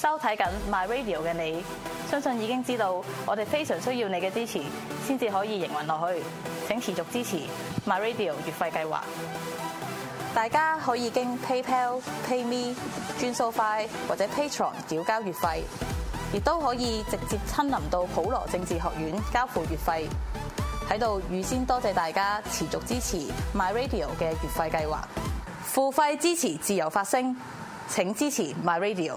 收睇緊 My Radio 嘅你，相信已經知道我哋非常需要你嘅支持，先至可以營運落去。請持續支持 My Radio 月費計劃。大家可以經 PayPal、PayMe、轉數快或者 Patreon 繳交月費，亦都可以直接親臨到普羅政治學院交付月費。喺度預先多謝大家持續支持 My Radio 嘅月費計劃。付費支持自由發聲，請支持 My Radio。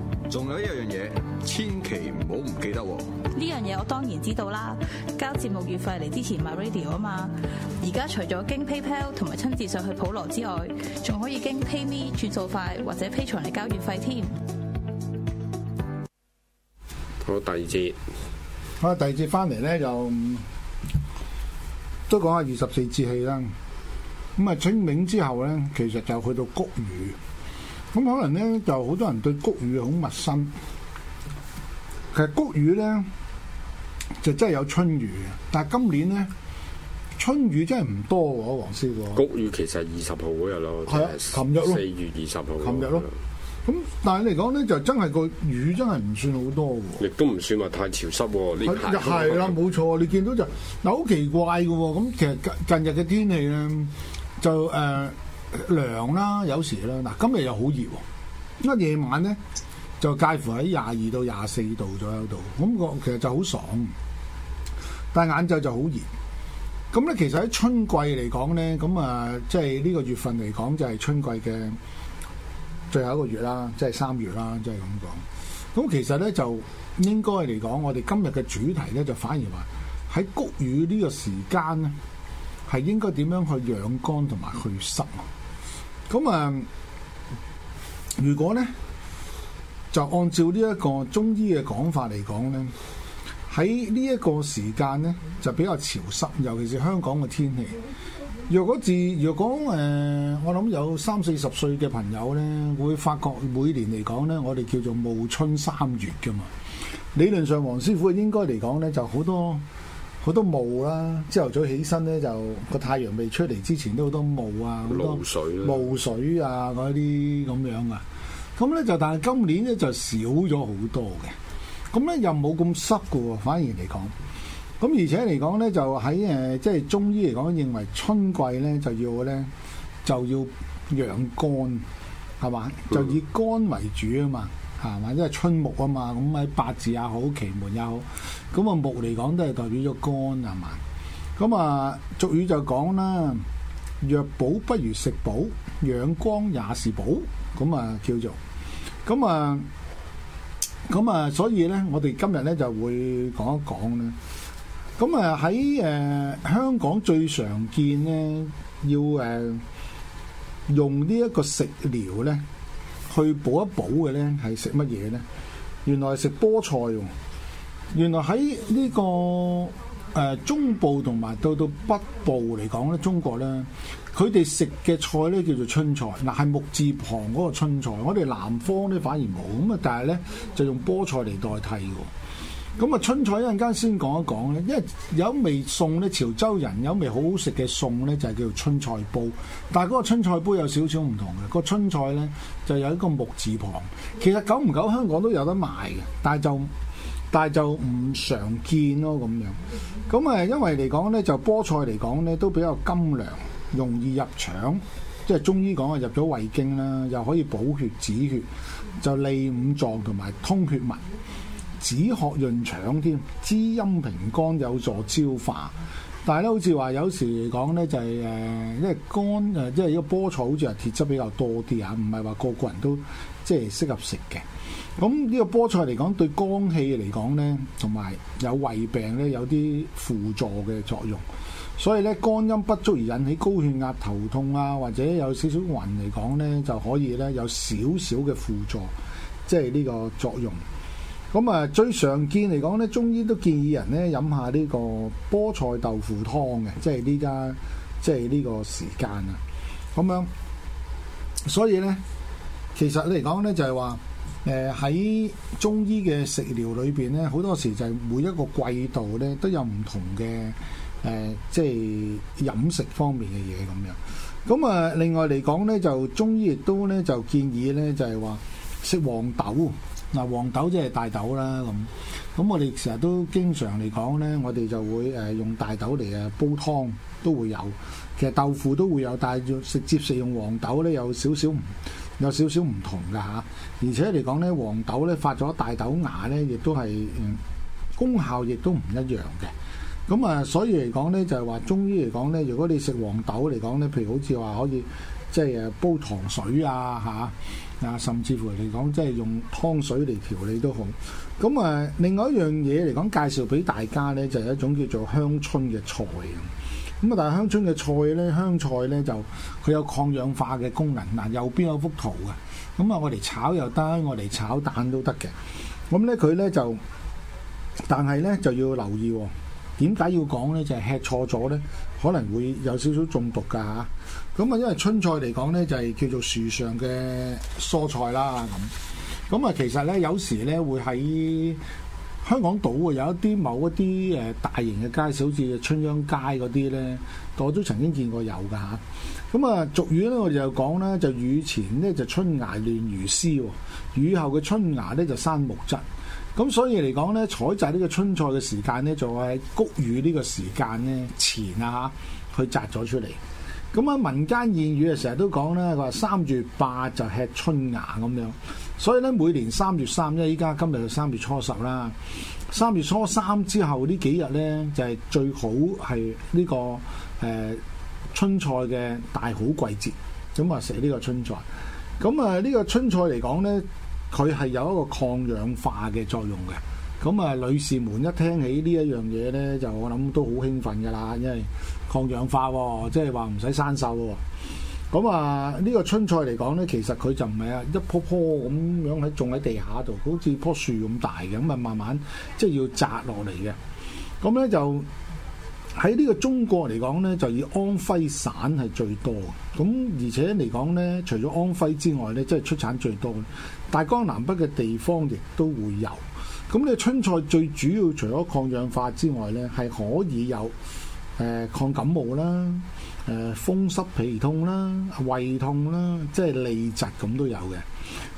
仲有一樣嘢，千祈唔好唔記得喎！呢樣嘢我當然知道啦，交節目月費嚟之前買 radio 啊嘛。而家除咗經 PayPal 同埋親自上去普羅之外，仲可以經 PayMe 轉數快或者 p a 批存嚟交月費添。好，第二節。好，第二節翻嚟咧，就都講下二十四節氣啦。咁啊，清明之後咧，其實就去到谷雨。咁可能咧，就好多人對谷雨好陌生。其實谷雨咧就真係有春雨嘅，但係今年咧春雨真係唔多喎，黃師哥。谷雨其實二十號嗰日咯，係啊，琴日咯，四月二十號。琴日咯，咁但係嚟講咧，就真係個雨真係唔算好多喎。亦都唔算話太潮濕喎。係啦，冇錯，你見到就嗱好奇怪嘅喎。咁其實近日嘅天氣咧就誒。呃涼啦，有時啦，嗱今日又好熱喎。因為，夜晚咧就介乎喺廿二到廿四度左右度，咁個其實就好爽。但係晏晝就好熱。咁、嗯、咧，其實喺春季嚟講咧，咁、嗯、啊，即係呢個月份嚟講就係春季嘅最後一個月啦，即係三月啦，即係咁講。咁、嗯、其實咧就應該嚟講，我哋今日嘅主題咧就反而話喺谷雨呢個時間咧係應該點樣去養肝同埋去濕啊？咁啊、嗯，如果呢，就按照呢一個中醫嘅講法嚟講呢，喺呢一個時間呢，就比較潮濕，尤其是香港嘅天氣。若果治若講誒，我諗有三四十歲嘅朋友呢，會發覺每年嚟講呢，我哋叫做暮春三月㗎嘛。理論上，黃師傅應該嚟講呢，就好多。好多霧啦，朝頭早起身咧就個太陽未出嚟之前都好多霧啊，好多水、啊、霧水啊嗰啲咁樣啊，咁咧就但係今年咧就少咗好多嘅，咁咧又冇咁濕嘅喎，反而嚟講，咁而且嚟講咧就喺誒即係中醫嚟講認為春季咧就要咧就要養肝，係嘛？就以肝為主啊嘛。啊，或者係春木啊嘛，咁喺八字也好，奇門也好，咁啊木嚟講都係代表咗肝啊嘛。咁啊俗語就講啦，藥補不如食補，養肝也是補。咁啊叫做，咁啊咁啊，所以咧，我哋今日咧就會講一講咧。咁啊喺誒香港最常見咧，要誒用呢一個食療咧。去補一補嘅呢係食乜嘢呢？原來係食菠菜喎，哦。原來喺呢、這個誒、呃、中部同埋到到北部嚟講呢，中國呢，佢哋食嘅菜呢叫做春菜，嗱係木字旁嗰個春菜。我哋南方呢反而冇，咁啊，但係呢就用菠菜嚟代替嘅。咁啊，春菜一陣間先講一講咧，因為有味餸咧，潮州人有味好好食嘅餸咧，就係叫做春菜煲。但係嗰個春菜煲有少少唔同嘅，個春菜咧就有一個木字旁。其實久唔久香港都有得賣嘅，但係就但係就唔常見咯咁樣。咁啊，因為嚟講咧，就菠菜嚟講咧，都比較甘涼，容易入腸，即係中醫講啊，入咗胃經啦，又可以補血止血，就利五臟同埋通血脈。止渴潤腸添，滋陰平肝有助消化。但係咧，好似話有時嚟講咧，就是，就係誒，因為肝誒，因為呢個菠菜好似係鐵質比較多啲呀，唔係話個個人都即係適合食嘅。咁呢個菠菜嚟講，對肝氣嚟講咧，同埋有，有胃病咧，有啲輔助嘅作用。所以咧，肝陰不足而引起高血壓、頭痛啊，或者有少少暈嚟講咧，就可以咧有少少嘅輔助，即係呢個作用。咁啊，最常見嚟講咧，中醫都建議人咧飲下呢個菠菜豆腐湯嘅，即係呢家即係呢個時間啊，咁樣。所以咧，其實嚟講咧就係話，誒、呃、喺中醫嘅食療裏邊咧，好多時就係每一個季度咧都有唔同嘅誒、呃，即係飲食方面嘅嘢咁樣。咁啊，另外嚟講咧，就中醫亦都咧就建議咧就係話食黃豆。嗱，黃豆即係大豆啦，咁咁我哋成日都經常嚟講咧，我哋就會誒用大豆嚟誒煲湯都會有，其實豆腐都會有，但係直接食用黃豆咧有少少唔有少少唔同嘅嚇，而且嚟講咧黃豆咧發咗大豆芽咧，亦都係、嗯、功效亦都唔一樣嘅，咁啊所以嚟講咧就係話中醫嚟講咧，如果你食黃豆嚟講咧，譬如好似話可以即係誒煲糖水啊嚇。啊啊，甚至乎嚟講，即係用湯水嚟調理都好。咁啊，另外一樣嘢嚟講，介紹俾大家呢就係一種叫做香椿嘅菜。咁啊，但係香椿嘅菜呢，香菜呢，就佢有抗氧化嘅功能。嗱，右邊有幅圖嘅。咁啊，我哋炒又得，我哋炒蛋都得嘅。咁呢，佢呢就，但係呢就要留意喎。點解要講呢？就係吃錯咗呢，可能會有少少中毒㗎嚇。啊咁啊，因為春菜嚟講咧，就係叫做樹上嘅蔬菜啦。咁，咁啊，其實咧有時咧會喺香港島啊，有一啲某一啲誒大型嘅街市，好似春秧街嗰啲咧，我都曾經見過有噶吓。咁啊，俗語咧我哋就講咧，就雨前咧就春芽嫩如絲，雨後嘅春芽咧就生木質。咁啊，所以嚟講咧，採摘呢個春菜嘅時間咧，就喺谷雨呢個時間咧前啊，去摘咗出嚟。咁啊，民間諺語啊，成日都講咧，佢話三月八就吃春芽咁樣，所以咧每年三月三，因為依家今日就三月初十啦，三月初三之後幾呢幾日咧就係、是、最好係呢、這個誒、呃、春菜嘅大好季節，咁啊食呢個春菜。咁啊呢個春菜嚟講咧，佢係有一個抗氧化嘅作用嘅。咁、嗯、啊、呃、女士們一聽起呢一樣嘢咧，就我諗都好興奮㗎啦，因為抗氧化喎，即係話唔使生鏽喎。咁、嗯、啊，呢、呢個春菜嚟講呢，其實佢就唔係啊一樖樖咁樣喺種喺地下度，好似樖樹咁大嘅，咁啊慢慢即係要摘落嚟嘅。咁呢，就喺、是、呢、嗯、個中國嚟講呢，就以安徽省係最多嘅。咁而且嚟講呢，除咗安徽之外呢，即係出產最多，大江南北嘅地方亦都會有。咁、嗯、你、呢個、春菜最主要除咗抗氧化之外呢，係可以有，誒、呃、抗感冒啦，誒、呃、風濕、皮痛啦、胃痛啦，即係痢疾咁都有嘅。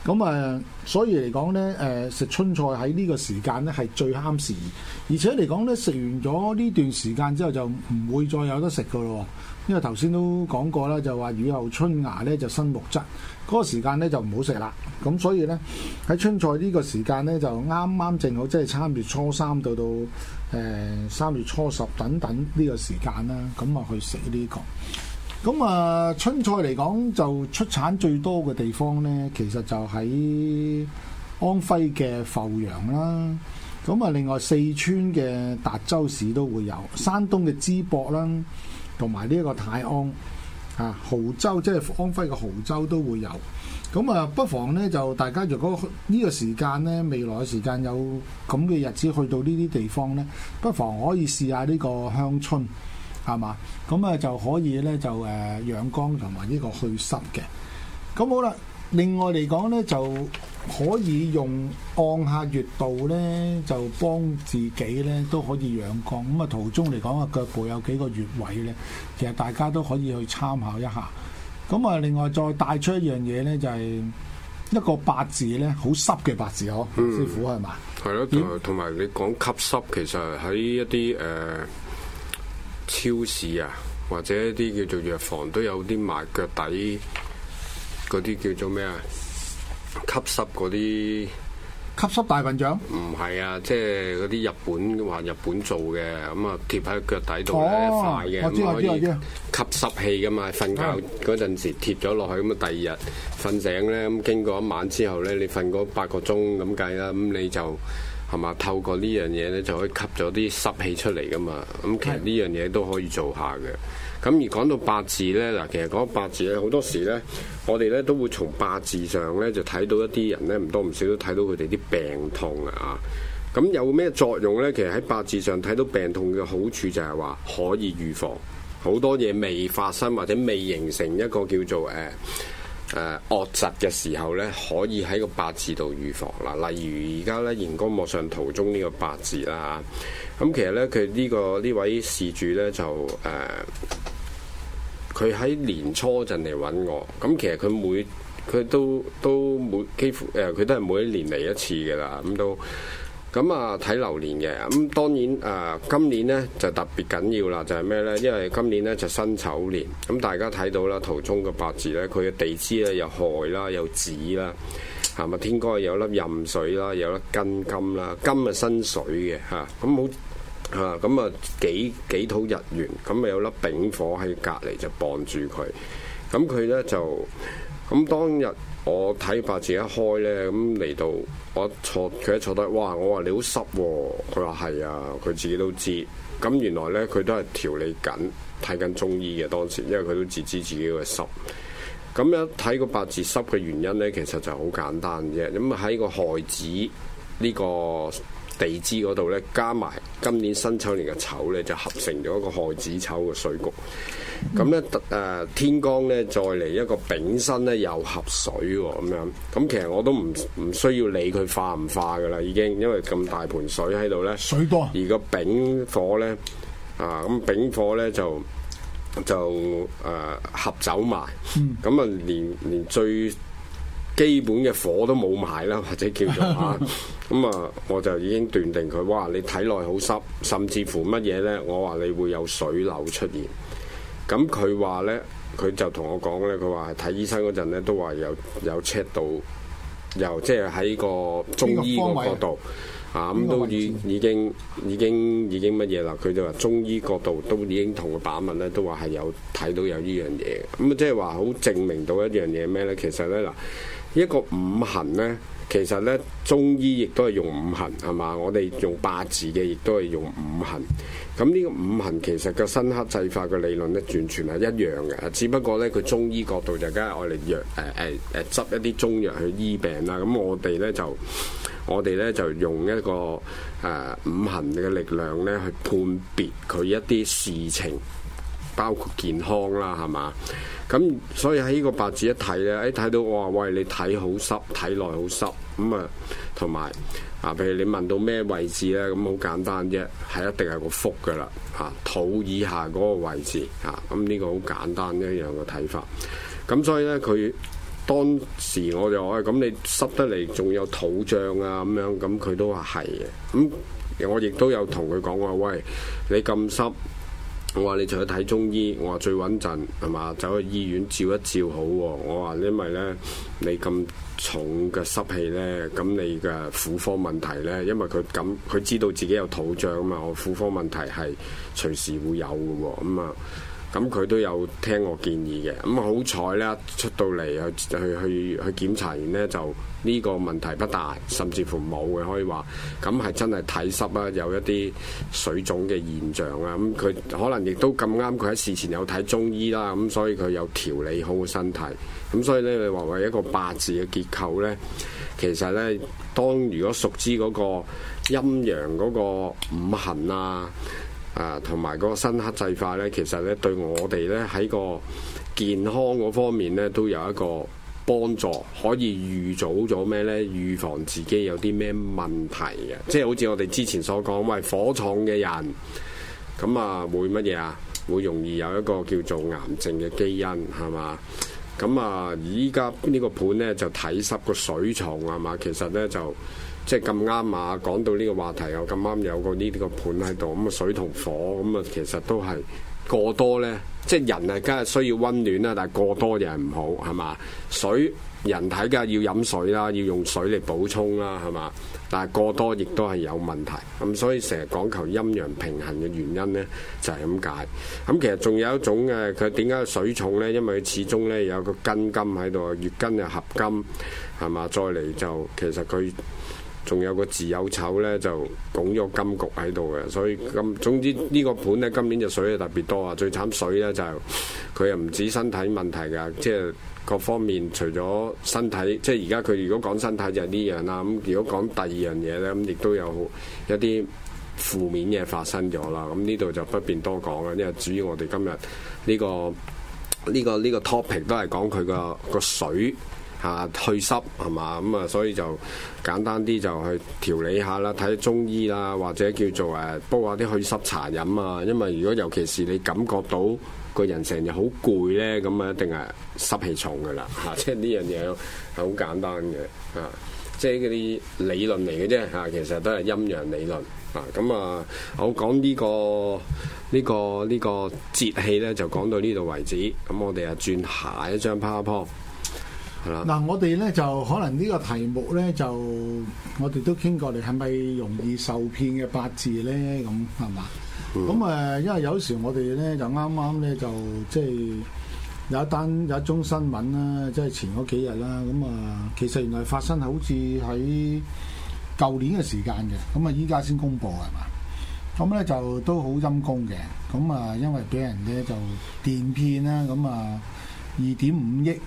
咁啊、呃，所以嚟講呢，誒、呃、食春菜喺呢個時間呢係最啱時，而且嚟講呢，食完咗呢段時間之後就唔會再有得食噶咯。因為頭先都講過啦，就話雨後春芽呢就生木質，嗰、那個時間呢就唔好食啦。咁所以呢，喺春菜呢個時間呢，就啱啱正好，即係三月初三到到，誒三月初十等等呢個時間啦，咁啊去食呢、呢個咁啊春菜嚟講就出產最多嘅地方呢，其實就喺安徽嘅阜陽啦。咁啊，另外四川嘅達州市都會有，山東嘅淄博啦，同埋呢一個泰安啊，亳州即係安徽嘅亳州都會有。咁啊，不妨咧就大家，如果呢個時間呢，未來嘅時間有咁嘅日子去到呢啲地方呢，不妨可以試下呢個香椿，係嘛？咁啊就可以呢，就誒養、呃、光同埋呢個去濕嘅。咁好啦，另外嚟講呢，就可以用按下穴道呢，就幫自己呢都可以養光。咁、那、啊、個、途中嚟講啊腳部有幾個穴位呢，其實大家都可以去參考一下。咁啊，另外再帶出一樣嘢咧，就係一個八字咧，好濕嘅八字嗬，嗯、師傅係嘛？係咯。同同埋你講吸濕，其實喺一啲誒、呃、超市啊，或者一啲叫做藥房都有啲賣腳底嗰啲叫做咩啊？吸濕嗰啲。吸濕大笨象？唔係啊，即係嗰啲日本話日本做嘅，咁、嗯、啊貼喺腳底度咧，快嘅、哦，可以吸濕氣㗎嘛。瞓覺嗰陣的時貼咗落去，咁、嗯、啊第二日瞓醒咧，咁、嗯、經過一晚之後咧，你瞓嗰八個鐘咁計啦，咁、嗯、你就係嘛？透過呢樣嘢咧，就可以吸咗啲濕氣出嚟㗎嘛。咁、嗯、其實呢樣嘢都可以做下嘅。咁而講到八字呢，嗱，其實講八字呢，好多時呢，我哋呢都會從八字上呢，就睇到一啲人呢，唔多唔少都睇到佢哋啲病痛啊。咁有咩作用呢？其實喺八字上睇到病痛嘅好處就係話可以預防好多嘢未發生，或者未形成一個叫做誒誒惡疾嘅時候呢，可以喺個八字度預防嗱、啊。例如而家呢，熒光幕上圖中呢個八字啦，咁、啊啊、其實呢，佢呢、呢個呢位事主呢，就誒。呃佢喺年初陣嚟揾我，咁其實佢每佢都都每幾乎誒，佢、呃、都係每一年嚟一次嘅啦，咁都咁啊睇流年嘅，咁當然啊、呃、今年呢就特別緊要啦，就係、是、咩呢？因為今年呢就辛丑年，咁大家睇到啦，圖中嘅八字呢，佢嘅地支呢有亥啦，有子啦，係咪天干有粒壬水啦，有粒庚金啦，金啊辛水嘅嚇，咁好。啊，咁啊、嗯、幾幾土日元，咁、嗯、咪有粒丙火喺隔籬就傍住佢。咁佢咧就咁、嗯、當日我睇八字一開咧，咁、嗯、嚟到我坐佢一坐低，哇！我話你好濕、哦，佢話係啊，佢自己都知。咁、嗯、原來咧佢都係調理緊睇緊中醫嘅，當時因為佢都自知自己嘅濕。咁樣睇個八字濕嘅原因咧，其實就好簡單啫。咁、嗯、喺個亥子呢、這個地支嗰度咧加埋。今年辛丑年嘅丑咧就合成咗一個亥子丑嘅水局，咁咧誒天干咧再嚟一個丙申咧又合水喎，咁樣咁其實我都唔唔需要理佢化唔化嘅啦，已經因為咁大盆水喺度咧，水多、啊、而個丙火咧啊咁丙火咧就就誒、呃、合走埋，咁啊、嗯、連連最。基本嘅火都冇埋啦，或者叫做嚇咁啊，我就已經斷定佢，哇，你體內好濕，甚至乎乜嘢咧？我話你會有水瘤出現，咁佢話咧，佢就同我講咧，佢話睇醫生嗰陣咧都話有有 check 到，又即係喺個中醫個角度啊，咁、嗯、都已經已經已經已經乜嘢啦？佢就話中醫角度都已經同個把脈咧都話係有睇到有呢樣嘢，咁即係話好證明到一樣嘢咩咧？其實咧嗱。一個五行呢，其實呢，中醫亦都係用五行係嘛？我哋用八字嘅，亦都係用五行。咁呢個五行其實個生剋制化嘅理論呢，完全係一樣嘅。只不過呢，佢中醫角度就梗係愛嚟藥，誒誒誒執一啲中藥去醫病啦。咁我哋呢，就我哋呢就用一個誒、呃、五行嘅力量呢，去判別佢一啲事情。包括健康啦，係嘛？咁所以喺呢個八字一睇咧，一睇到我話，喂，你睇好濕，體內好濕咁啊，同埋啊，譬如你問到咩位置咧，咁好簡單啫，係一定係個腹噶啦，嚇、啊，肚以下嗰個位置嚇，咁、啊、呢個好簡單一樣嘅睇法。咁所以咧，佢當時我就話，咁、哎、你濕得嚟，仲有肚脹啊咁樣，咁佢都話係嘅。咁、嗯、我亦都有同佢講話，喂，你咁濕。我話你除咗睇中醫，我話最穩陣係嘛？走去醫院照一照好喎、哦。我話你因為呢，你咁重嘅濕氣呢，咁你嘅婦科問題呢，因為佢咁佢知道自己有肚脹啊嘛，我婦科問題係隨時會有嘅喎、哦，咁、嗯、啊。咁佢都有聽我建議嘅，咁好彩咧出到嚟去去去去檢查完呢，就呢個問題不大，甚至乎冇嘅可以話，咁係真係體濕啊，有一啲水腫嘅現象啊，咁佢可能亦都咁啱佢喺事前有睇中醫啦，咁所以佢有調理好個身體，咁所以呢，你話為一個八字嘅結構呢，其實呢，當如果熟知嗰個陰陽嗰個五行啊。啊，同埋嗰個生剋制化呢，其實呢對我哋呢喺個健康嗰方面呢，都有一個幫助，可以預早咗咩呢？預防自己有啲咩問題嘅，即係好似我哋之前所講，喂火重嘅人，咁啊會乜嘢啊？會容易有一個叫做癌症嘅基因係嘛？咁啊而家呢個盤呢，就體濕個水重係嘛？其實呢就。即係咁啱啊！講到呢個話題又咁啱有個呢啲個盤喺度，咁啊水同火咁啊，其實都係過多呢。即係人啊，梗係需要溫暖啦，但係過多又係唔好係嘛。水人體梗係要飲水啦，要用水嚟補充啦係嘛。但係過多亦都係有問題，咁所以成日講求陰陽平衡嘅原因呢，就係咁解。咁其實仲有一種嘅，佢點解水重呢？因為佢始終呢有個根金喺度，月根又合金係嘛。再嚟就其實佢。仲有個字有丑呢，就拱咗金局喺度嘅，所以咁總之呢個盤呢，今年就水係特別多啊！最慘水呢，就係佢又唔止身體問題㗎，即係各方面除咗身體，即係而家佢如果講身體就係呢樣啦，咁如果講第二樣嘢呢，咁亦都有一啲負面嘢發生咗啦。咁呢度就不便多講啦，因為主要我哋今日呢、呢個呢、呢個呢、呢個呢個 topic 都係講佢個個水。嚇，祛、啊、濕係嘛咁啊，所以就簡單啲就去調理下啦，睇下中醫啦，或者叫做誒、啊、煲一下啲祛濕茶飲啊。因為如果尤其是你感覺到個人成日好攰咧，咁啊一定係濕氣重噶啦嚇，即係呢樣嘢係好簡單嘅嚇、啊，即係嗰啲理論嚟嘅啫嚇，其實都係陰陽理論啊。咁啊，我講呢、呢個呢、呢個呢、呢個節氣咧，就講到呢度為止。咁我哋啊轉下一張 PowerPoint power。嗱、啊，我哋咧就可能呢個題目咧就我哋都傾過嚟，係咪容易受騙嘅八字咧？咁係嘛？咁誒、嗯，因為有時我哋咧就啱啱咧就即係有一單有一宗新聞啦，即係前嗰幾日啦。咁啊，其實原來發生好似喺舊年嘅時間嘅，咁啊依家先公佈係嘛？咁咧就都好陰公嘅。咁啊，因為俾人咧就電騙啦，咁啊二點五億。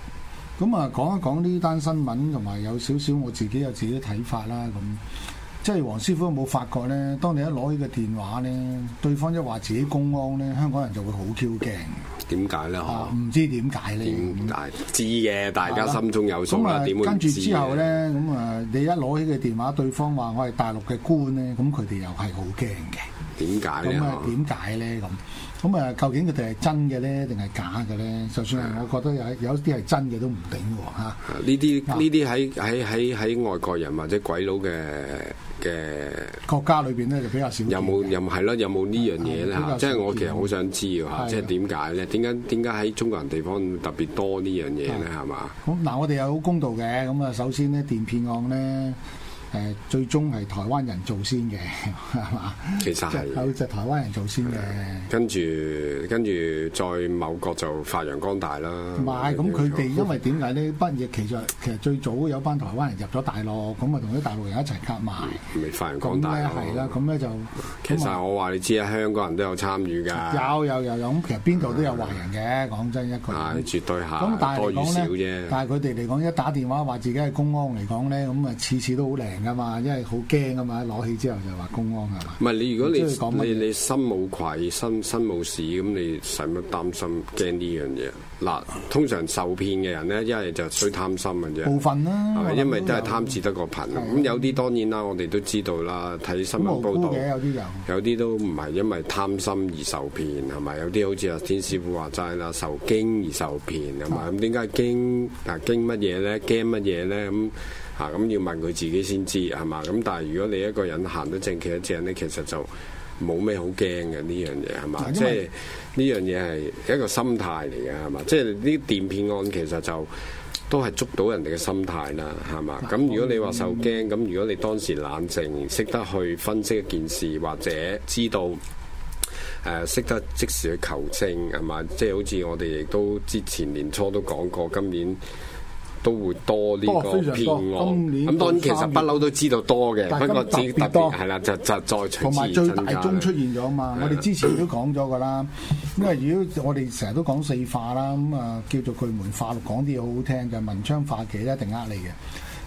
咁啊，講一講呢單新聞，同埋有少少我自己有自己嘅睇法啦。咁即係黃師傅有冇發覺咧，當你一攞起個電話咧，對方一話自己公安咧，香港人就會好驚。點解咧？嚇，唔知點解咧？點解知嘅？大家心中有數啦。咁啊，跟住之後咧，咁啊，你一攞起個電話，對方話我係大陸嘅官咧，咁佢哋又係好驚嘅。點解咧？咁啊？點解咧？咁？咁啊，究竟佢哋係真嘅咧，定係假嘅咧？就算係，我覺得有 有啲係真嘅都唔定喎嚇。呢啲呢啲喺喺喺喺外國人或者鬼佬嘅嘅國家裏邊咧，就比較少有冇。有冇又係咯？有冇呢樣嘢咧嚇？嗯嗯、即係我其實好想知嘅的即係點解咧？點解點解喺中國人地方特別多呢樣嘢咧？係嘛、嗯？咁嗱，嗯、我哋有好公道嘅。咁啊，首先呢，電騙案咧。誒，最終係台灣人做先嘅，係嘛？其實係有隻台灣人做先嘅。跟住跟住，在某國就發揚光大啦。唔係，咁佢哋因為點解呢？畢業其實其實，最早有班台灣人入咗大陸，咁啊同啲大陸人一齊夾埋，咪發揚光大咯。係啦，咁咧就其實我話你知啊，香港人都有參與㗎。有有有有，咁其實邊度都有華人嘅。講真一句，係絕對係多與少啫。但係佢哋嚟講，一打電話話自己係公安嚟講咧，咁啊次次都好靚。噶嘛，因為好驚啊嘛，攞起之後就話公安啊嘛。唔係你如果你你你心冇愧心心冇事咁，你使乜擔心驚呢樣嘢？嗱，通常受騙嘅人咧，一係就衰貪心嘅啫。部分啦，係咪？因為都係貪字得個貧。咁有啲、嗯、當然啦，我哋都知道啦。睇新聞報道，有啲都唔係因為貪心而受騙，係咪？有啲好似阿天師傅話齋啦，受驚而受騙係咪？咁點解驚嗱驚乜嘢咧？驚乜嘢咧？咁？嗯嗯嚇咁、嗯、要問佢自己先知係嘛？咁但係如果你一個人行得正企得正呢，其實就冇咩好驚嘅呢樣嘢係嘛？今天 即係呢樣嘢係一個心態嚟嘅係嘛？即係呢啲電騙案其實就都係捉到人哋嘅心態啦係嘛？咁但 如果你話受驚咁，嗯、如果你當時冷靜，識得去分析一件事或者知道誒識、呃、得即時去求證係嘛？即係好似我哋亦都之前年初都講過今年，都會多呢個騙案，咁當然其實不嬲都知道多嘅，不過特別多啦，就就再重同埋最大宗出現咗啊嘛！的我哋之前都講咗噶啦，的因為如果我哋成日都講四化啦，咁啊叫做巨門化，講啲嘢好好聽就係、文昌化忌一定呃你嘅。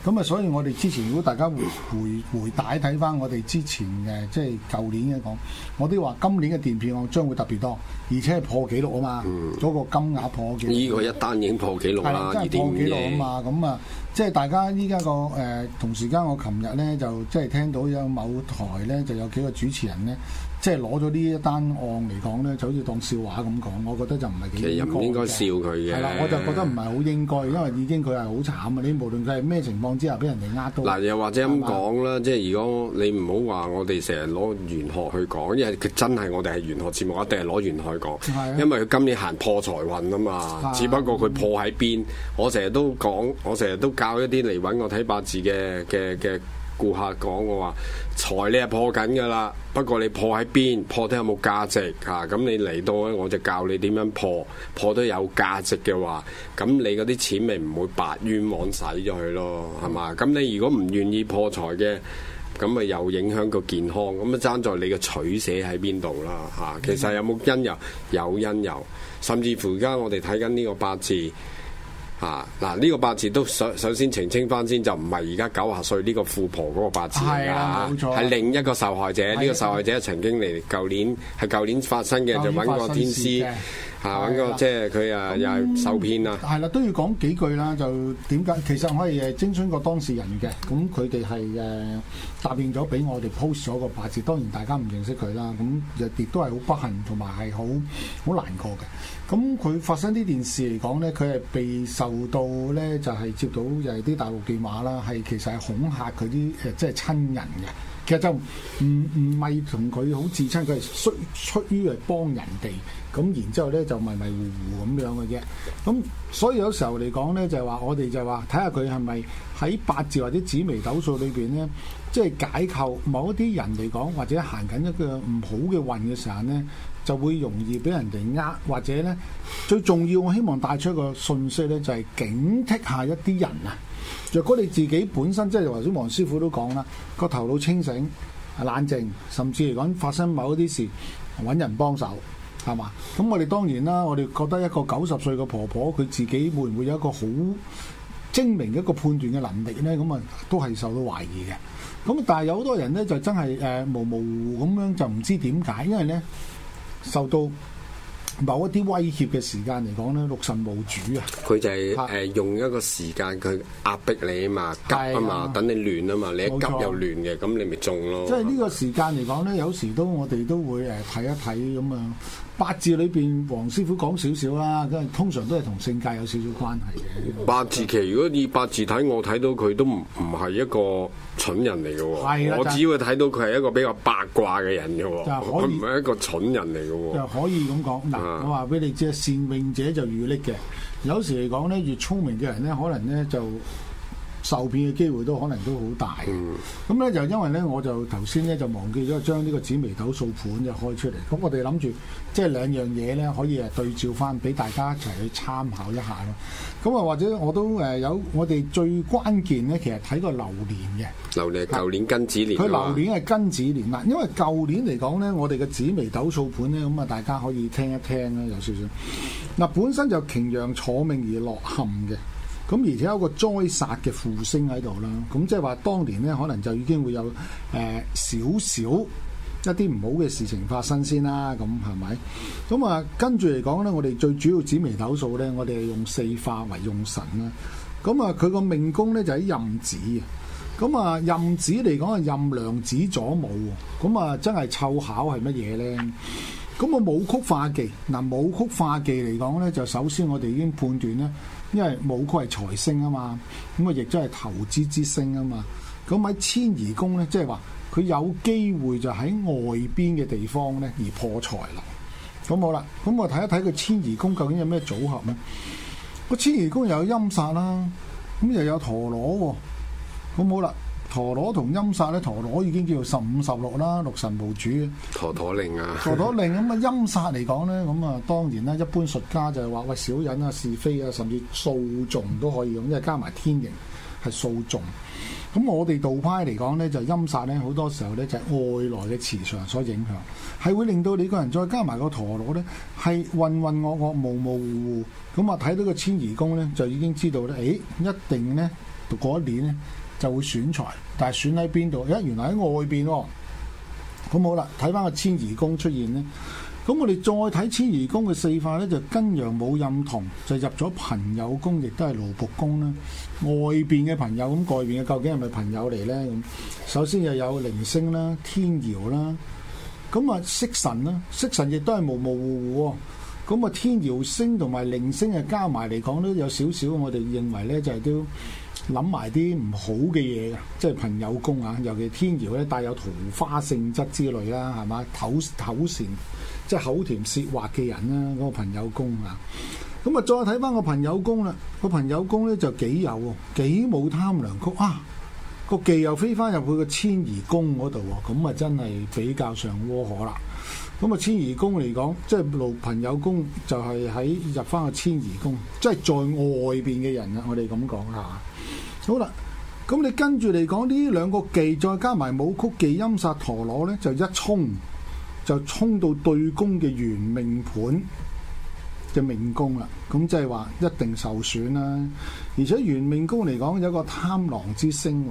咁啊，所以我哋之前如果大家回回回睇睇翻我哋之前嘅即係舊年嘅講，我都話今年嘅電騙案將會特別多。而且係破紀錄啊嘛，咗、嗯、個金額破紀錄。呢個一單已經破紀錄啦，對 2. 破紀錄啊嘛。咁啊麼，即係大家依家個誒、呃，同時間我琴日咧就即係聽到有某台咧就有幾個主持人咧，即係攞咗呢一單案嚟講咧，就好似當笑話咁講。我覺得就唔係幾其實應該笑佢嘅。係啦，我就覺得唔係好應該，因為已經佢係好慘啊！你無論佢係咩情況之下，俾人哋呃到。嗱，又或者咁講啦，即係如果你唔好話我哋成日攞玄學去講，因為佢真係我哋係玄學節目一定係攞玄學。因為佢今年行破財運啊嘛，啊只不過佢破喺邊。我成日都講，我成日都教一啲嚟揾我睇八字嘅嘅顧客講，我話財你係破緊噶啦，不過你破喺邊，破得有冇價值吓？咁、啊、你嚟到呢，我就教你點樣破，破得有價值嘅話，咁你嗰啲錢咪唔會白冤枉使咗佢咯，係嘛？咁你如果唔願意破財嘅。咁咪又影響個健康，咁啊爭在你嘅取捨喺邊度啦嚇。其實有冇因由？有因由，甚至乎而家我哋睇緊呢個八字。啊！嗱，呢個八字都首首先澄清翻先，就唔係而家九十歲呢個富婆嗰個八字㗎嚇，係、啊、冇錯、另一個受害者。呢、啊、個受害者曾經嚟，舊年係舊年發生嘅，生就揾個天師嚇，揾個即係佢啊又係受騙啦。係啦，都要講幾句啦。就點解其實我哋誒徵詢過當事人嘅？咁佢哋係誒答應咗俾我哋 post 咗個八字。當然大家唔認識佢啦。咁亦都係好不幸同埋係好好難過嘅。咁佢發生呢件事嚟講咧，佢係被受到咧就係、是、接到又係啲大陸電話啦，係其實係恐嚇佢啲誒即係親人嘅。其實就唔唔係同佢好自親，佢係出出於係幫人哋。咁然之後咧就迷迷糊糊咁樣嘅啫。咁所以有時候嚟講咧就係、是、話我哋就話睇下佢係咪喺八字或者紫微斗數裏邊咧，即係解構某一啲人嚟講或者行緊一個唔好嘅運嘅時候咧，就會容易俾人哋呃，或者呢，最重要，我希望帶出一個訊息呢，就係、是、警惕下一啲人啊。若果你自己本身即係頭先黃師傅都講啦，個頭腦清醒、冷靜，甚至嚟講發生某一啲事揾人幫手，係嘛？咁我哋當然啦，我哋覺得一個九十歲嘅婆婆，佢自己會唔會有一個好精明嘅一個判斷嘅能力呢？咁啊，都係受到懷疑嘅。咁但係有好多人呢，就真係誒、呃、模模糊糊咁樣就唔知點解，因為呢。受到某一啲威脅嘅時間嚟講咧，六神無主啊！佢就係誒用一個時間去壓迫你啊嘛，的急啊嘛，等的你亂啊嘛，的你一急又亂嘅，咁你咪中咯。即係呢個時間嚟講咧， 有時都我哋都會誒睇一睇咁啊。八字裏邊，黃師傅講少少啦，通常都係同性格有少少關係嘅。八字期，如果你八字睇，我睇到佢都唔唔係一個蠢人嚟嘅，的我只會睇到佢係一個比較八卦嘅人嘅，佢唔係一個蠢人嚟嘅，就可以咁講。嗱的，我話俾你知，善泳者就遇溺嘅，有時嚟講咧，越聰明嘅人咧，可能咧就。受騙嘅機會都可能都好大，咁咧就，因為咧我就頭先咧就忘記咗將呢個紫微斗數盤就開出嚟，咁、嗯、我哋諗住即係兩樣嘢咧可以誒對照返俾大家一齊去參考一下咯。咁啊或者我都誒有我哋最關鍵咧其實睇個流年嘅，流年舊年庚子年，佢流年係庚子年啦，因為舊年嚟講咧我哋嘅紫微斗數盤咧，咁啊大家可以聽一聽啦，有少少嗱，本身就擎羊坐命而落陷嘅。咁而且有個災殺嘅負星喺度啦，咁即係話當年咧，可能就已經會有誒少少一啲唔好嘅事情發生先啦，咁係咪？咁啊、嗯，跟住嚟講咧，我哋最主要紫微斗數咧，我哋係用四化為用神啦。咁、嗯、啊，佢個命宮咧就喺壬子啊。咁、嗯、啊，壬子嚟講係壬良子左、嗯嗯、武，咁啊真係湊巧係乜嘢咧？咁啊，武曲化忌嗱，武曲化忌嚟講咧，就首先我哋已經判斷咧。因為冇佢係財星啊嘛，咁啊亦都係投資之星啊嘛，咁喺遷移宮咧，即係話佢有機會就喺外邊嘅地方咧而破財啦。咁好啦，咁我睇一睇個遷移宮究竟有咩組合咧？個遷移宮又有陰煞啦、啊，咁又有陀羅、啊，咁好啦。陀螺同陰煞咧，陀螺已經叫做十五十六啦，六神無主。陀陀令啊！陀陀令咁啊，陰煞嚟講咧，咁啊當然啦，一般術家就係話喂，小人啊、是非啊，甚至訴訟都可以用，因為加埋天刑係訴訟。咁我哋道派嚟講咧，就陰煞咧好多時候咧，就外來嘅磁場所影響，係會令到你個人再加埋個陀螺咧，係混混噩噩、模模糊糊。咁啊，睇到個遷移宮咧，就已經知道咧，誒一定咧，到過一年咧。就會損財，但係損喺邊度？一，哎、原來喺外邊，哦，咁好啦。睇翻個遷移宮出現呢。咁我哋再睇遷移宮嘅四化呢，就金羊冇任同，就入咗朋友宮，亦都係勞僕宮啦。外邊嘅朋友咁，外邊嘅究竟係咪朋友嚟呢？咁首先又有鈴星啦，天姚啦，咁啊色神啦，色神亦都係模模糊糊。咁啊天姚星同埋鈴星啊，啊冒冒乎乎哦、啊星星加埋嚟講都有少少我哋認為呢，就係、是、都。諗埋啲唔好嘅嘢嘅，即係朋友宮啊，尤其天姚咧帶有桃花性質之類啦，係嘛？口口善，即係口甜舌滑嘅人啦，嗰、嗰個朋友宮啊。咁啊，再睇翻個朋友宮啦，個朋友宮咧就幾有喎，幾冇貪狼曲啊！個技又飛翻入去個遷移宮嗰度喎，咁啊真係比較上窩可啦。咁、嗯、啊遷移宮嚟講，即係老朋友宮就係喺入翻個遷移宮，即係在外邊嘅人啊，我哋咁講下。好啦，咁你跟住嚟講呢兩個技，再加埋武曲技陰煞陀羅呢，就一衝就衝到對宮嘅元命盤。嘅命功啦，咁即係話一定受損啦。而且元命宮嚟講有一個貪狼之星，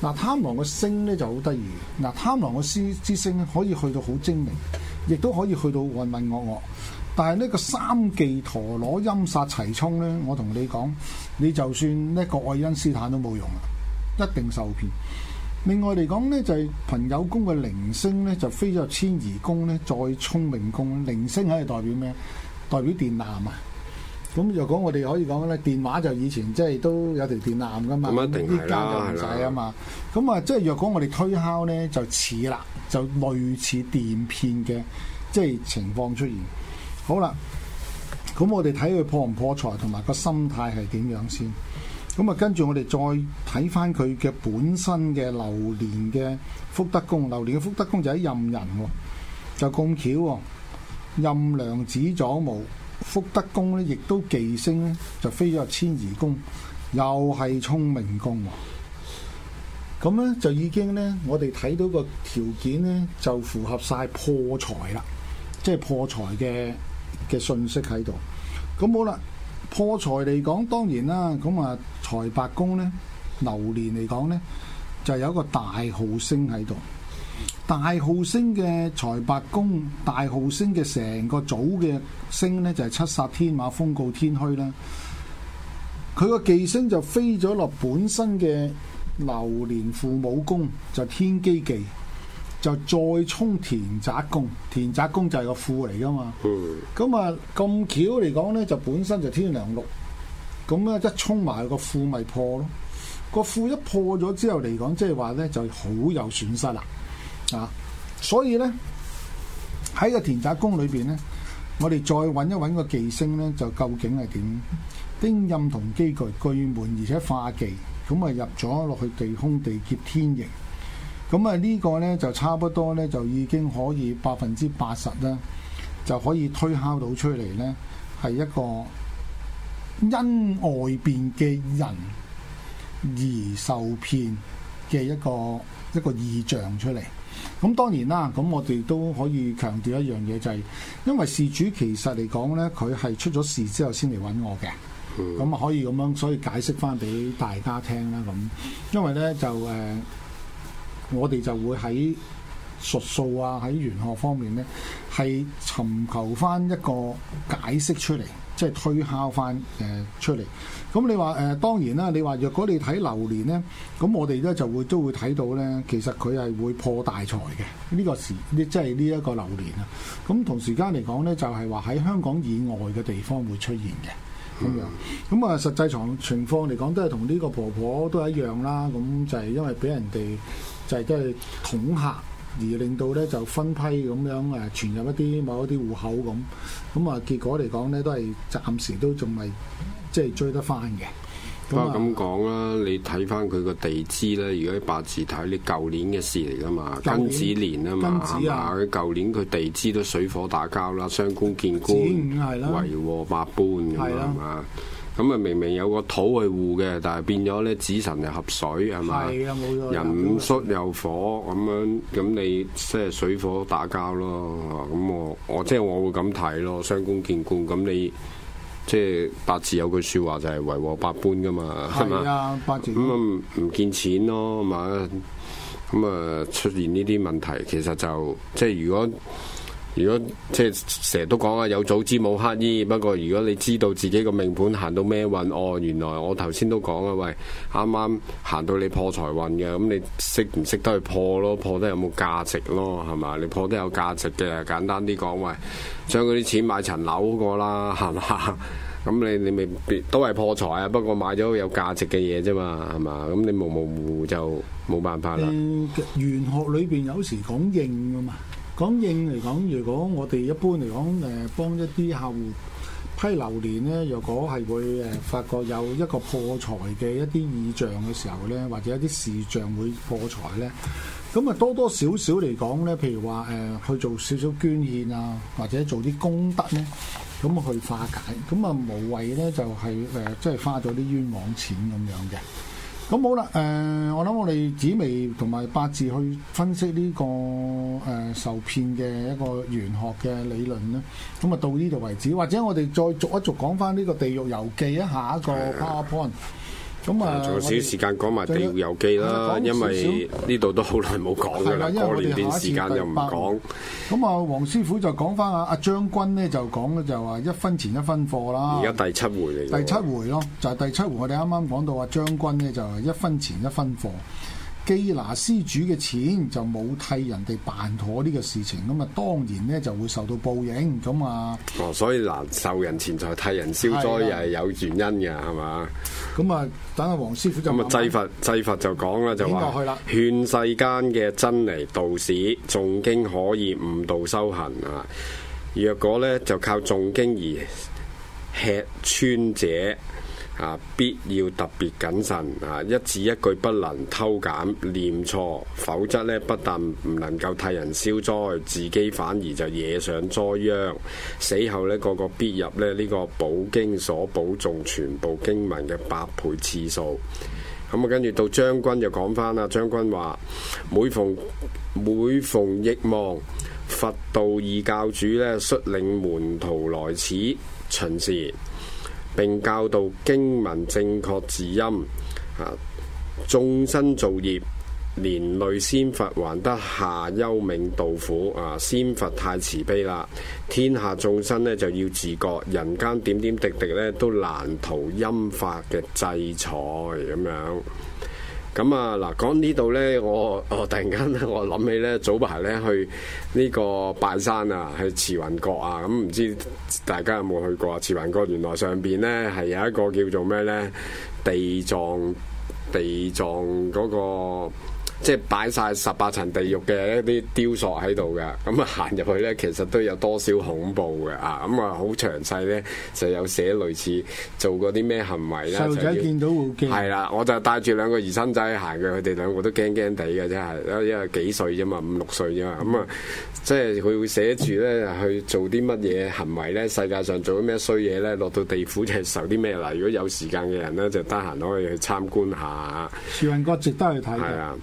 嗱貪狼嘅星咧就好得意。嗱貪狼嘅星之星呢，可以去到好精明，亦都可以去到混混噩噩。但係呢個三忌陀螺陰煞齊衝咧，我同你講，你就算呢個愛因斯坦都冇用啦，一定受騙。另外嚟講呢，就係、是、朋友宮嘅鈴聲呢，就飛入千兒宮呢，再衝明宮，鈴聲係代表咩？代表電纜啊！咁若果我哋可以講咧，電話就以前即係都有條電纜噶嘛，唔啲膠就唔使啊嘛。咁啊的，即係若果我哋推敲咧，就似啦，就類似電騙嘅即係情況出現。好啦，咁我哋睇佢破唔破財，同埋個心態係點樣先？咁啊，跟住我哋再睇翻佢嘅本身嘅流年嘅福德宮，流年嘅福德宮就喺任人喎，就咁巧喎。任良子左無福德宮咧，亦都忌星咧，就飛咗入遷移宮，又係聰明宮。咁咧就已經咧，我哋睇到個條件咧，就符合晒破財啦，即係破財嘅嘅信息喺度。咁好啦，破財嚟講，當然啦，咁啊財帛宮咧，流年嚟講咧，就有一個大耗星喺度。大耗星嘅財帛宮，大耗星嘅成個組嘅星呢，就係、是、七煞天馬，封誥天虛啦。佢個忌星就飛咗落本身嘅流年父母宮，就天機忌，就再沖田宅宮。田宅宮就係個庫嚟㗎嘛。咁啱咁巧嚟講呢，就本身就天梁祿咁咧，一沖埋個庫咪破咯。個庫一破咗之後嚟講，即係話呢，就好有損失啦。啊、所以呢，喺個田宅宮裏邊呢，我哋再揾一揾個忌星呢，就究竟係點？丁陰同機具俱滿，巨門而且化忌，咁啊入咗落去地空地劫天刑，咁啊呢個呢，就差不多呢，就已經可以百分之八十咧，就可以推敲到出嚟呢，係一個因外邊嘅人而受騙嘅一個一個意象出嚟。咁當然啦，咁我哋都可以強調一樣嘢、就是，就係因為事主其實嚟講呢，佢係出咗事之後先嚟揾我嘅。咁、嗯、可以咁樣，所以解釋翻俾大家聽啦。咁因為呢，就誒、呃，我哋就會喺術數啊，喺玄學方面呢，係尋求翻一個解釋出嚟。即係推敲翻誒出嚟，咁你話誒、呃、當然啦。你話若果你睇流年呢，咁我哋呢就會都會睇到呢。其實佢係會破大財嘅。呢、這個時，即係呢一個流年啊。咁同時間嚟講呢，就係話喺香港以外嘅地方會出現嘅咁、嗯、樣。咁啊，實際上情況嚟講都係同呢個婆婆都係一樣啦。咁就係因為俾人哋就係都係恐嚇。而令到咧就分批咁樣誒存入一啲某一啲戶口咁，咁啊結果嚟講咧都係暫時都仲未即係追得翻嘅。不過咁講啦，你睇翻佢個地支咧，如果八字睇你舊年嘅事嚟㗎嘛，子庚子年庚子啊嘛，嚇佢舊年佢地支都水火打交啦，傷官見官，子午係咯，為禍百般咁啊咁啊，明明有個土去護嘅，但係變咗咧子辰又合水係嘛？有人戌又火咁樣，咁、嗯、你即係水火打交咯，咁我我即係、就是、我會咁睇咯，傷官見官。咁你即係、就是、八字有句説話就係為禍百般」嘅嘛，係呀，八字。咁啊唔見錢咯，係嘛？咁啊出現呢啲問題，其實就即係如果。如果即係成日都講啊，有早知冇乞兒。不過如果你知道自己個命盤行到咩運哦，原來我頭先都講啦，喂，啱啱行到你破財運嘅，咁你識唔識得去破咯？破得有冇價值咯？係嘛？你破得有價值嘅，簡單啲講，selling. 喂，將嗰啲錢買層樓嗰個啦，係嘛？咁你你咪都係破財啊。不過買咗有價值嘅嘢啫嘛，係嘛？咁你模模糊糊就冇辦法啦。玄學裏邊有時講硬㗎嘛。講應嚟講，如果我哋一般嚟講，誒幫一啲客戶批流年咧，若果係會誒發覺有一個破財嘅一啲異象嘅時候咧，或者一啲事象會破財咧，咁啊多多少少嚟講咧，譬如話誒、呃、去做少少捐獻啊，或者做啲功德咧，咁去化解，咁啊無謂咧就係誒即係花咗啲冤枉錢咁樣嘅。咁好啦，誒、呃，我諗我哋紫微同埋八字去分析呢、這個誒、呃、受騙嘅一個玄學嘅理論咧，咁啊到呢度為止，或者我哋再逐一逐講返呢個《地獄遊記》一下一個 power point。咁啊，仲有少時間講埋《地獄遊記》啦，因為呢度都好耐冇講噶啦，過年段時間又唔講。咁啊，黃師傅就講翻啊，阿將軍呢就講咧就話一分錢一分貨啦。而家第七回嚟。第七回咯，就係、是、第七回，我哋啱啱講到阿將軍呢就係一分錢一分貨。既拿施主嘅錢，就冇替人哋辦妥呢個事情，咁啊當然呢就會受到報應，咁啊哦，所以拿受人錢財替人消災又係有原因嘅，係嘛？咁啊，等阿黃師傅就濟佛，濟佛就講啦，就話勸世間嘅真尼道士，誦經可以悟道修行啊。若果呢，就靠誦經而吃穿者。啊！必要特別謹慎啊！一字一句不能偷減念錯，否則咧不但唔能夠替人消災，自己反而就惹上災殃。死後咧個個必入咧呢、這個補經所補誦全部經文嘅百倍次數。咁、嗯、啊，跟住到將軍就講返啦。將軍話：每逢每逢憶望佛道二教主咧，率領門徒來此巡視。並教導經文正確字音，啊，眾生造業，連累仙佛還得下幽冥道苦啊！仙佛太慈悲啦，天下眾生呢就要自覺，人間點點滴滴呢都難逃陰法嘅制裁咁樣。咁啊嗱，講呢度呢，我我突然間我諗起呢，早排呢去呢個拜山啊，去慈雲閣啊，咁、嗯、唔知大家有冇去過啊？慈雲閣原來上邊呢係有一個叫做咩呢？地藏地藏嗰、那個。即係擺晒十八層地獄嘅一啲雕塑喺度嘅，咁啊行入去咧，其實都有多少恐怖嘅啊！咁啊好詳細咧，就有寫類似做過啲咩行為啦。細路仔見到會驚。係啦、嗯，我就帶住兩個兒生仔行嘅，佢哋、嗯、兩個都驚驚地嘅真係，因為幾歲啫嘛，五六歲啫嘛，咁、嗯、啊，即係佢會寫住咧去做啲乜嘢行為咧，世界上做啲咩衰嘢咧，落到地府就受啲咩啦。如果有時間嘅人咧，就得閒可以去參觀下。慈雲閣值得去睇下。係啊。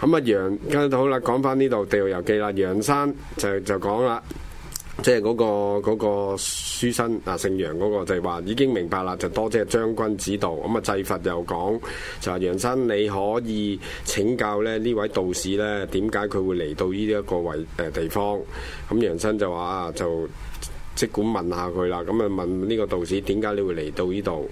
咁啊，楊跟住好啦，講翻呢度《地獄遊記》啦。楊生就就講啦，即係嗰個嗰個書生啊，姓楊嗰個就係話已經明白啦，就多謝將軍指導。咁啊，濟佛又講就話，楊生你可以請教咧呢位道士咧，點解佢會嚟到呢一個位誒地方？咁楊生就話啊，就即管問下佢啦。咁啊，問呢個道士點解你會嚟到呢度？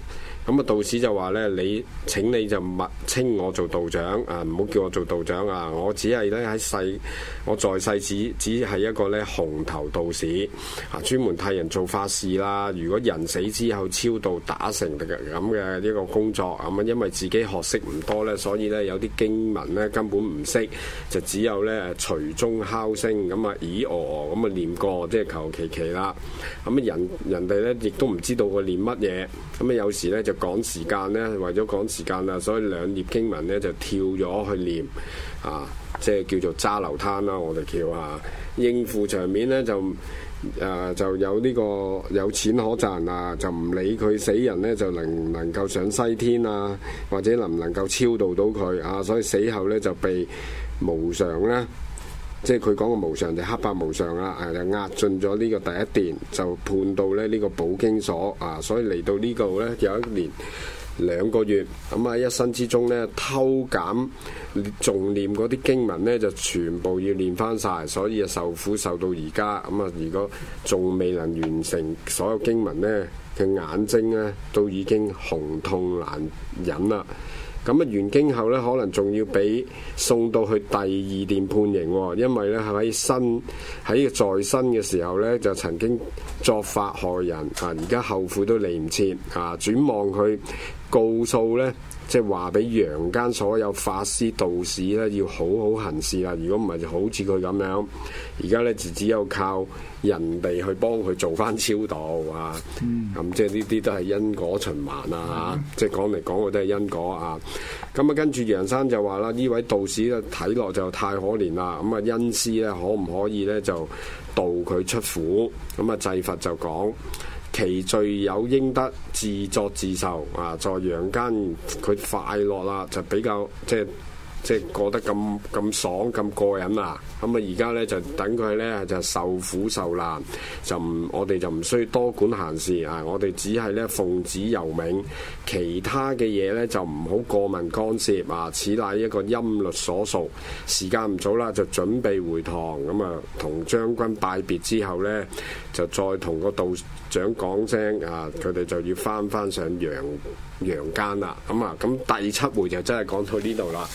咁啊，道士就話咧：你請你就勿稱我做道長啊，唔好叫我做道長啊！我只係咧喺世，我在世只只係一個咧紅頭道士啊，專門替人做法事啦。如果人死之後超度打成咁嘅呢個工作咁啊，因為自己學識唔多咧，所以咧有啲經文咧根本唔識，就只有咧隨中敲聲咁啊，咦哦咁啊念過，即係求其其啦。咁啊，人人哋咧亦都唔知道佢念乜嘢。咁啊，有時咧就，趕時間呢，為咗趕時間啊，所以兩頁經文呢就跳咗去念啊，即係叫做揸流攤啦。我哋叫啊，應付場面呢就誒、啊、就有呢個有錢可賺啊，就唔理佢死人呢，就能唔能夠上西天啊，或者能唔能夠超度到佢啊，所以死後呢就被無常咧。即係佢講嘅無常就黑白無常啦，就壓進咗呢個第一殿，就判到呢呢個補經所啊，所以嚟到呢度呢，有一年兩個月，咁啊一生之中呢，偷減重念嗰啲經文呢，就全部要念翻晒。所以啊受苦受到而家，咁啊如果仲未能完成所有經文呢，佢眼睛呢，都已經紅痛難忍啦。咁啊，完經後咧，可能仲要俾送到去第二殿判刑喎。哦，因為咧喺身喺在身嘅時候咧，就曾經作法害人啊，而家後悔都嚟唔切啊，轉望佢告訴咧。即係話俾陽間所有法師道士咧，要好好行事啦！如果唔係，就好似佢咁樣，而家咧就只有靠人哋去幫佢做翻超度啊！咁即係呢啲都係因果循環啊！即係講嚟講去都係因，啊嗯啊、因果啊！咁啊，跟住楊生就話啦，呢位道士咧睇落就太可憐啦，咁啊，恩師咧可唔可以咧就度佢出苦？咁啊，濟佛就講。其罪有應得，自作自受啊！在陽間佢快樂啦，就比較即係。就是即係過得咁咁爽咁過癮啊！咁啊而家呢，就等佢呢，就受苦受難，就唔我哋就唔需多管閒事啊！我哋只係呢奉旨遊冥，其他嘅嘢呢，就唔好過問干涉啊！此乃一個音律所屬。時間唔早啦，就準備回堂咁啊，同將軍拜別之後呢，就再同個道長講聲啊，佢哋就要返返上陽陽間啦。咁啊，咁、啊、第七回就真係講到呢度啦。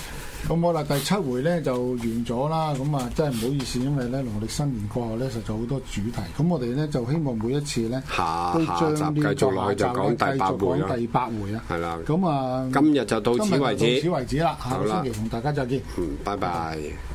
咁好啦，第七回咧，就完咗啦，咁啊真係唔好意思，因為咧農曆新年過後咧實在好多主題，咁我哋咧就希望每一次咧，下下集繼續來講，繼續講第八回啊，係啦，咁啊今日就到此為止，今日就到此為止啦，下個星期同大家再見，嗯吧，拜拜。拜拜。